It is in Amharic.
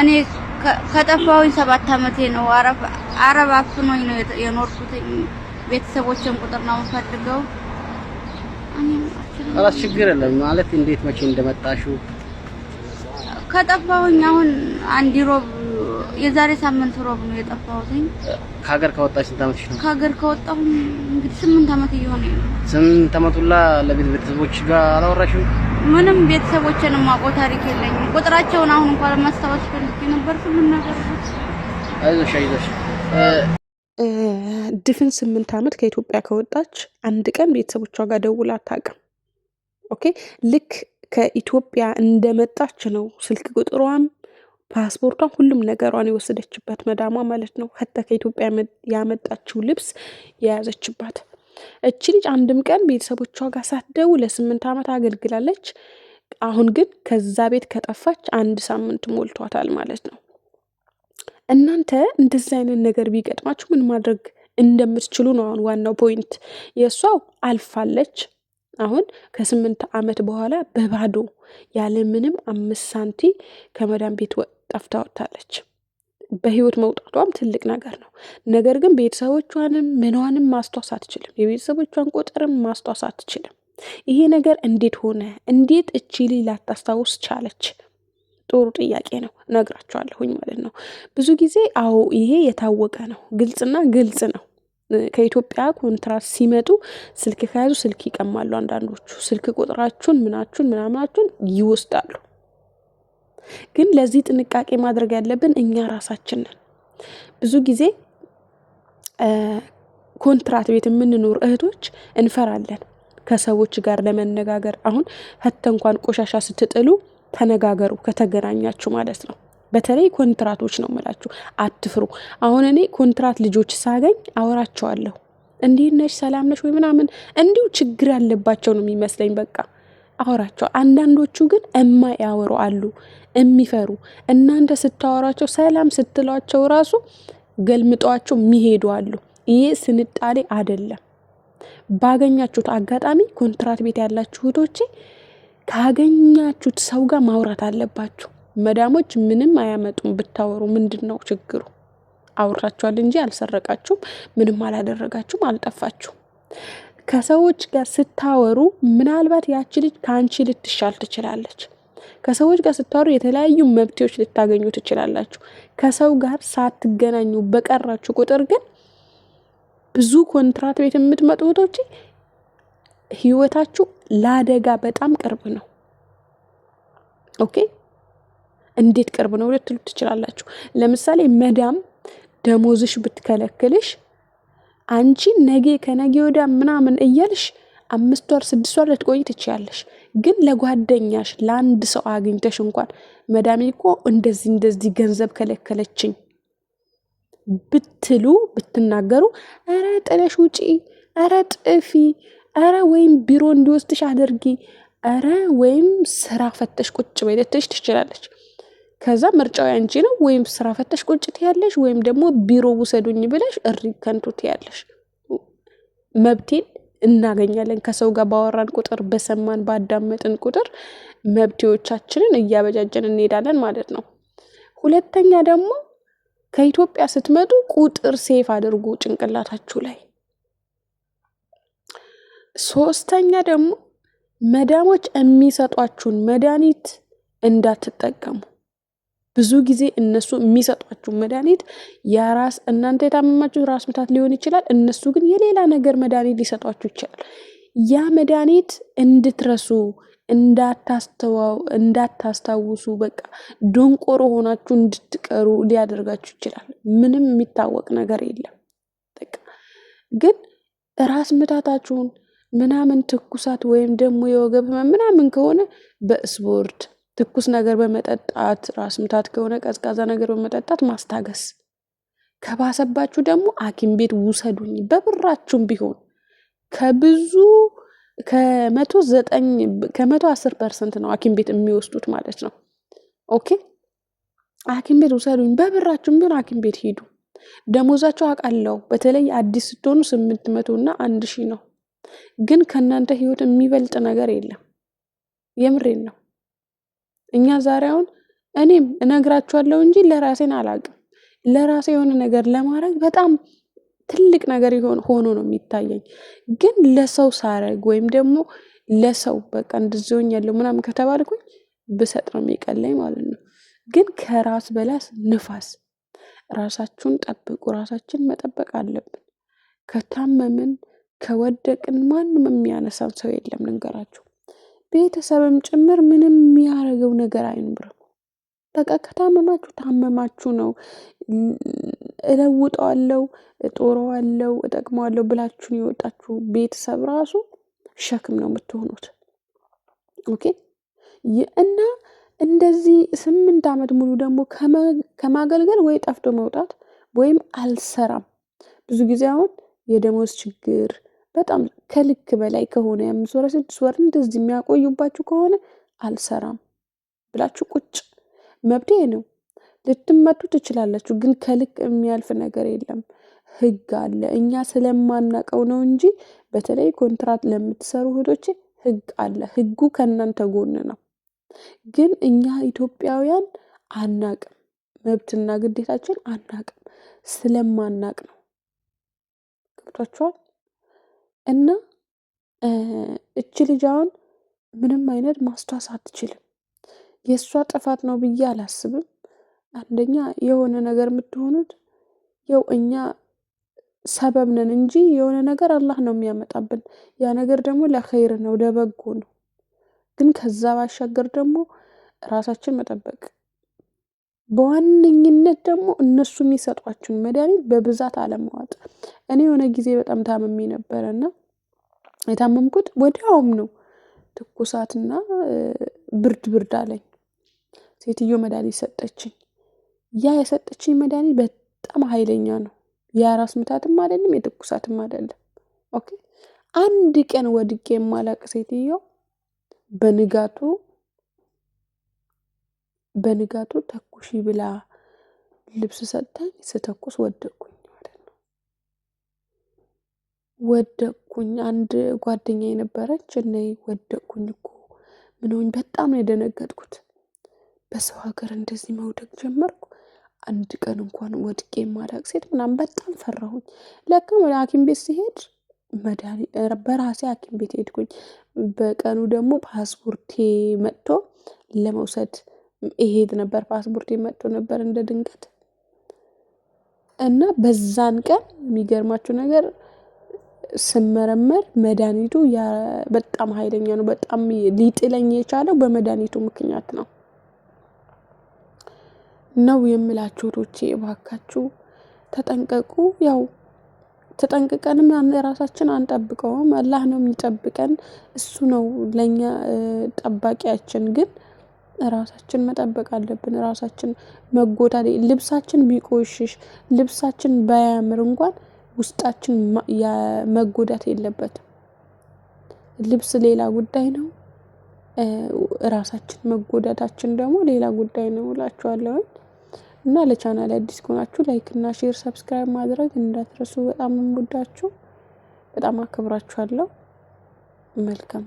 እኔ ከጠፋሁኝ ሰባት አመቴ ነው። አረብ አፍኖኝ ነው የኖርኩት። ቤተሰቦችን ቁጥር ነው የምፈልገው። ራስ ችግር የለም ማለት እንዴት መቼ እንደመጣሹ ከጠፋሁኝ አሁን አንድ ሮብ የዛሬ ሳምንት ሮብ ነው የጠፋሁትኝ። ከሀገር ከወጣሽ ስንት ነው? ከሀገር ከወጣሁ እንግዲህ ስምንት አመት እየሆነ ነው። ስምንት አመቱላ ለቤተሰቦች ጋር አላወራሽም? ምንም ቤተሰቦችን ማቆ ታሪክ የለኝም። ቁጥራቸውን አሁን እንኳን ለማስታወስ ፈልጌ ነበር። ምን ነገር አይዞሽ አይዞሽ። ድፍን ስምንት ዓመት ከኢትዮጵያ ከወጣች አንድ ቀን ቤተሰቦቿ ጋር ደውላ አታውቅም። ኦኬ ልክ ከኢትዮጵያ እንደመጣች ነው ስልክ ቁጥሯም ፓስፖርቷን ሁሉም ነገሯን የወሰደችበት መዳሟ ማለት ነው። ሀታ ከኢትዮጵያ ያመጣችው ልብስ የያዘችባት እቺ ልጅ አንድም ቀን ቤተሰቦቿ ጋር ሳትደውል ለስምንት ዓመት አገልግላለች። አሁን ግን ከዛ ቤት ከጠፋች አንድ ሳምንት ሞልቷታል ማለት ነው። እናንተ እንደዚህ አይነት ነገር ቢገጥማችሁ ምን ማድረግ እንደምትችሉ ነው አሁን ዋናው ፖይንት። የእሷው አልፋለች። አሁን ከስምንት ዓመት በኋላ በባዶ ያለ ምንም አምስት ሳንቲ ከመዳን ቤት ጠፍታ ወጥታለች። በህይወት መውጣቷም ትልቅ ነገር ነው። ነገር ግን ቤተሰቦቿንም ምኗንም ማስታወስ አትችልም። የቤተሰቦቿን ቁጥርም ማስታወስ አትችልም። ይሄ ነገር እንዴት ሆነ? እንዴት እቺ ልጅ ላታስታውስ ቻለች? ጥሩ ጥያቄ ነው። ነግራቸዋለሁኝ ማለት ነው። ብዙ ጊዜ አዎ፣ ይሄ የታወቀ ነው። ግልጽና ግልጽ ነው። ከኢትዮጵያ ኮንትራት ሲመጡ ስልክ ከያዙ ስልክ ይቀማሉ። አንዳንዶቹ ስልክ ቁጥራችሁን ምናችሁን ምናምናችሁን ይወስዳሉ። ግን ለዚህ ጥንቃቄ ማድረግ ያለብን እኛ ራሳችን ነን። ብዙ ጊዜ ኮንትራት ቤት የምንኖር እህቶች እንፈራለን ከሰዎች ጋር ለመነጋገር። አሁን ህተ እንኳን ቆሻሻ ስትጥሉ ተነጋገሩ ከተገናኛችሁ ማለት ነው። በተለይ ኮንትራቶች ነው የምላችሁ፣ አትፍሩ። አሁን እኔ ኮንትራት ልጆች ሳገኝ አወራቸዋለሁ። እንዲህ ነሽ፣ ሰላም ነሽ ወይ ምናምን፣ እንዲሁ ችግር ያለባቸው ነው የሚመስለኝ በቃ አውራቸው። አንዳንዶቹ ግን እማያወሩ አሉ፣ የሚፈሩ እናንተ ስታወራቸው ሰላም ስትሏቸው ራሱ ገልምጠዋቸው የሚሄዱ አሉ። ይሄ ስንጣሌ አይደለም። ባገኛችሁት አጋጣሚ ኮንትራት ቤት ያላችሁ እህቶቼ ካገኛችሁት ሰው ጋር ማውራት አለባችሁ። መዳሞች ምንም አያመጡም ብታወሩ። ምንድን ነው ችግሩ? አውርታችኋል እንጂ አልሰረቃችሁም፣ ምንም አላደረጋችሁም፣ አልጠፋችሁም። ከሰዎች ጋር ስታወሩ ምናልባት ያቺ ልጅ ከአንቺ ልትሻል ትችላለች። ከሰዎች ጋር ስታወሩ የተለያዩ መብቴዎች ልታገኙ ትችላላችሁ። ከሰው ጋር ሳትገናኙ በቀራችሁ ቁጥር ግን ብዙ ኮንትራት ቤት የምትመጡ ቶች ህይወታችሁ ለአደጋ በጣም ቅርብ ነው። ኦኬ እንዴት ቅርብ ነው ልትሉ ትችላላችሁ። ለምሳሌ መዳም ደሞዝሽ ብትከለክልሽ አንቺ ነገ ከነገ ወዳ ምናምን እያልሽ አምስት ወር ስድስት ወር ልትቆይ ትችያለሽ። ግን ለጓደኛሽ ለአንድ ሰው አግኝተሽ እንኳን መዳሜ እኮ እንደዚህ እንደዚህ ገንዘብ ከለከለችኝ ብትሉ ብትናገሩ፣ ኧረ ጥለሽ ውጪ፣ ኧረ ጥፊ፣ ኧረ ወይም ቢሮ እንዲወስድሽ አድርጊ፣ ኧረ ወይም ስራ ፈተሽ ቁጭ በይለትሽ ትችላለች። ከዛ ምርጫው ያንቺ ነው። ወይም ስራ ፈተሽ ቁጭ ትያለሽ፣ ወይም ደግሞ ቢሮ ውሰዱኝ ብለሽ እሪ ከንቱ ትያለሽ። መብቴን እናገኛለን። ከሰው ጋር ባወራን ቁጥር፣ በሰማን ባዳመጥን ቁጥር መብቴዎቻችንን እያበጃጀን እንሄዳለን ማለት ነው። ሁለተኛ ደግሞ ከኢትዮጵያ ስትመጡ ቁጥር ሴፍ አድርጉ ጭንቅላታችሁ ላይ። ሶስተኛ ደግሞ መዳሞች የሚሰጧችሁን መድኃኒት እንዳትጠቀሙ። ብዙ ጊዜ እነሱ የሚሰጧችሁ መድኃኒት የራስ እናንተ የታመማችሁ ራስ ምታት ሊሆን ይችላል። እነሱ ግን የሌላ ነገር መድኃኒት ሊሰጧችሁ ይችላል። ያ መድኃኒት እንድትረሱ እንዳታስታውሱ በቃ ደንቆሮ ሆናችሁ እንድትቀሩ ሊያደርጋችሁ ይችላል። ምንም የሚታወቅ ነገር የለም። በቃ ግን ራስ ምታታችሁን ምናምን ትኩሳት ወይም ደግሞ የወገብ ምናምን ከሆነ በስፖርት ትኩስ ነገር በመጠጣት ራስ ምታት ከሆነ ቀዝቃዛ ነገር በመጠጣት ማስታገስ። ከባሰባችሁ ደግሞ ሐኪም ቤት ውሰዱኝ በብራችሁም ቢሆን ከብዙ ከመቶ ዘጠኝ ከመቶ አስር ፐርሰንት ነው ሐኪም ቤት የሚወስዱት ማለት ነው። ኦኬ ሐኪም ቤት ውሰዱኝ በብራችሁም ቢሆን ሐኪም ቤት ሂዱ። ደሞዛቸው አውቃለሁ። በተለይ አዲስ ስትሆኑ ስምንት መቶ እና አንድ ሺህ ነው። ግን ከእናንተ ህይወት የሚበልጥ ነገር የለም። የምሬን ነው። እኛ ዛሬ አሁን እኔም እነግራችኋለሁ እንጂ ለራሴን አላቅም? ለራሴ የሆነ ነገር ለማድረግ በጣም ትልቅ ነገር ሆኖ ነው የሚታየኝ። ግን ለሰው ሳረግ ወይም ደግሞ ለሰው በቃ እንድዞኝ ሆኛለሁ ምናምን ከተባልኩኝ ብሰጥ ነው የሚቀለኝ ማለት ነው። ግን ከራስ በላስ ንፋስ። ራሳችሁን ጠብቁ። ራሳችን መጠበቅ አለብን። ከታመምን ከወደቅን ማንም የሚያነሳን ሰው የለም ልንገራችሁ። ቤተሰብም ጭምር ምንም የሚያደርገው ነገር አይኖርም። በቃ ከታመማችሁ ታመማችሁ ነው። እለውጠዋለው፣ እጦረዋለሁ፣ እጠቅመዋለው ብላችሁን የወጣችሁ ቤተሰብ ራሱ ሸክም ነው የምትሆኑት። ኦኬ እና እንደዚህ ስምንት ዓመት ሙሉ ደግሞ ከማገልገል ወይ ጠፍቶ መውጣት ወይም አልሰራም። ብዙ ጊዜ አሁን የደሞዝ ችግር በጣም ከልክ በላይ ከሆነ የአምስት ወር ስድስት ወር እንደዚህ የሚያቆዩባችሁ ከሆነ አልሰራም ብላችሁ ቁጭ መብቴ ነው። ልትመቱ ትችላላችሁ፣ ግን ከልክ የሚያልፍ ነገር የለም። ህግ አለ። እኛ ስለማናቀው ነው እንጂ በተለይ ኮንትራት ለምትሰሩ እህቶቼ ህግ አለ። ህጉ ከእናንተ ጎን ነው። ግን እኛ ኢትዮጵያውያን አናቅም፣ መብትና ግዴታችን አናቅም። ስለማናቅ ነው። ገብቷችኋል? እና እች ልጅ አሁን ምንም አይነት ማስታወስ አትችልም። የእሷ ጥፋት ነው ብዬ አላስብም። አንደኛ የሆነ ነገር የምትሆኑት ያው እኛ ሰበብ ነን እንጂ የሆነ ነገር አላህ ነው የሚያመጣብን። ያ ነገር ደግሞ ለኸይር ነው ለበጎ ነው። ግን ከዛ ባሻገር ደግሞ ራሳችን መጠበቅ በዋነኝነት ደግሞ እነሱ የሚሰጧችሁን መድኃኒት በብዛት አለማዋጥ። እኔ የሆነ ጊዜ በጣም ታመሚ ነበረ እና የታመምኩት ወዲያውም ነው ትኩሳትና ብርድ ብርድ አለኝ። ሴትዮ መድሃኒት ሰጠችኝ። ያ የሰጠችኝ መድሃኒት በጣም ሀይለኛ ነው። የራስ ምታትም አይደለም የትኩሳትም አይደለም። ኦኬ አንድ ቀን ወድቄ የማላቅ ሴትዮ በንጋቱ በንጋቱ ተኩሽ ብላ ልብስ ሰጥታኝ ስተኩስ ወደቅኩኝ ማለት ነው። ወደቅኩኝ። አንድ ጓደኛ የነበረች እኔ ወደቅኩኝ እኮ ምንሆኝ፣ በጣም ነው የደነገጥኩት። በሰው ሀገር እንደዚህ መውደቅ ጀመርኩ። አንድ ቀን እንኳን ወድቄ የማላውቅ ሴት ምናምን በጣም ፈራሁኝ። ለካ ወደ ሐኪም ቤት ሲሄድ በራሴ ሐኪም ቤት ሄድኩኝ። በቀኑ ደግሞ ፓስፖርቴ መጥቶ ለመውሰድ ይሄድ ነበር። ፓስፖርት መጥቶ ነበር እንደ ድንገት እና በዛን ቀን የሚገርማችሁ ነገር ስመረመር መድኃኒቱ በጣም ኃይለኛ ነው። በጣም ሊጥለኝ የቻለው በመድኃኒቱ ምክንያት ነው ነው የምላችሁ ቶቼ እባካችሁ ተጠንቀቁ። ያው ተጠንቅቀንም ራሳችን አንጠብቀውም፣ አላህ ነው የሚጠብቀን። እሱ ነው ለእኛ ጠባቂያችን ግን ራሳችን መጠበቅ አለብን። ራሳችን መጎዳት ልብሳችን ቢቆሽሽ ልብሳችን ባያምር እንኳን ውስጣችን መጎዳት የለበትም። ልብስ ሌላ ጉዳይ ነው። ራሳችን መጎዳታችን ደግሞ ሌላ ጉዳይ ነው እላችኋለሁ። እና ለቻናል አዲስ ከሆናችሁ ላይክ እና ሼር ሰብስክራይብ ማድረግ እንዳትረሱ። በጣም እንወዳችሁ፣ በጣም አክብራችኋለሁ። መልካም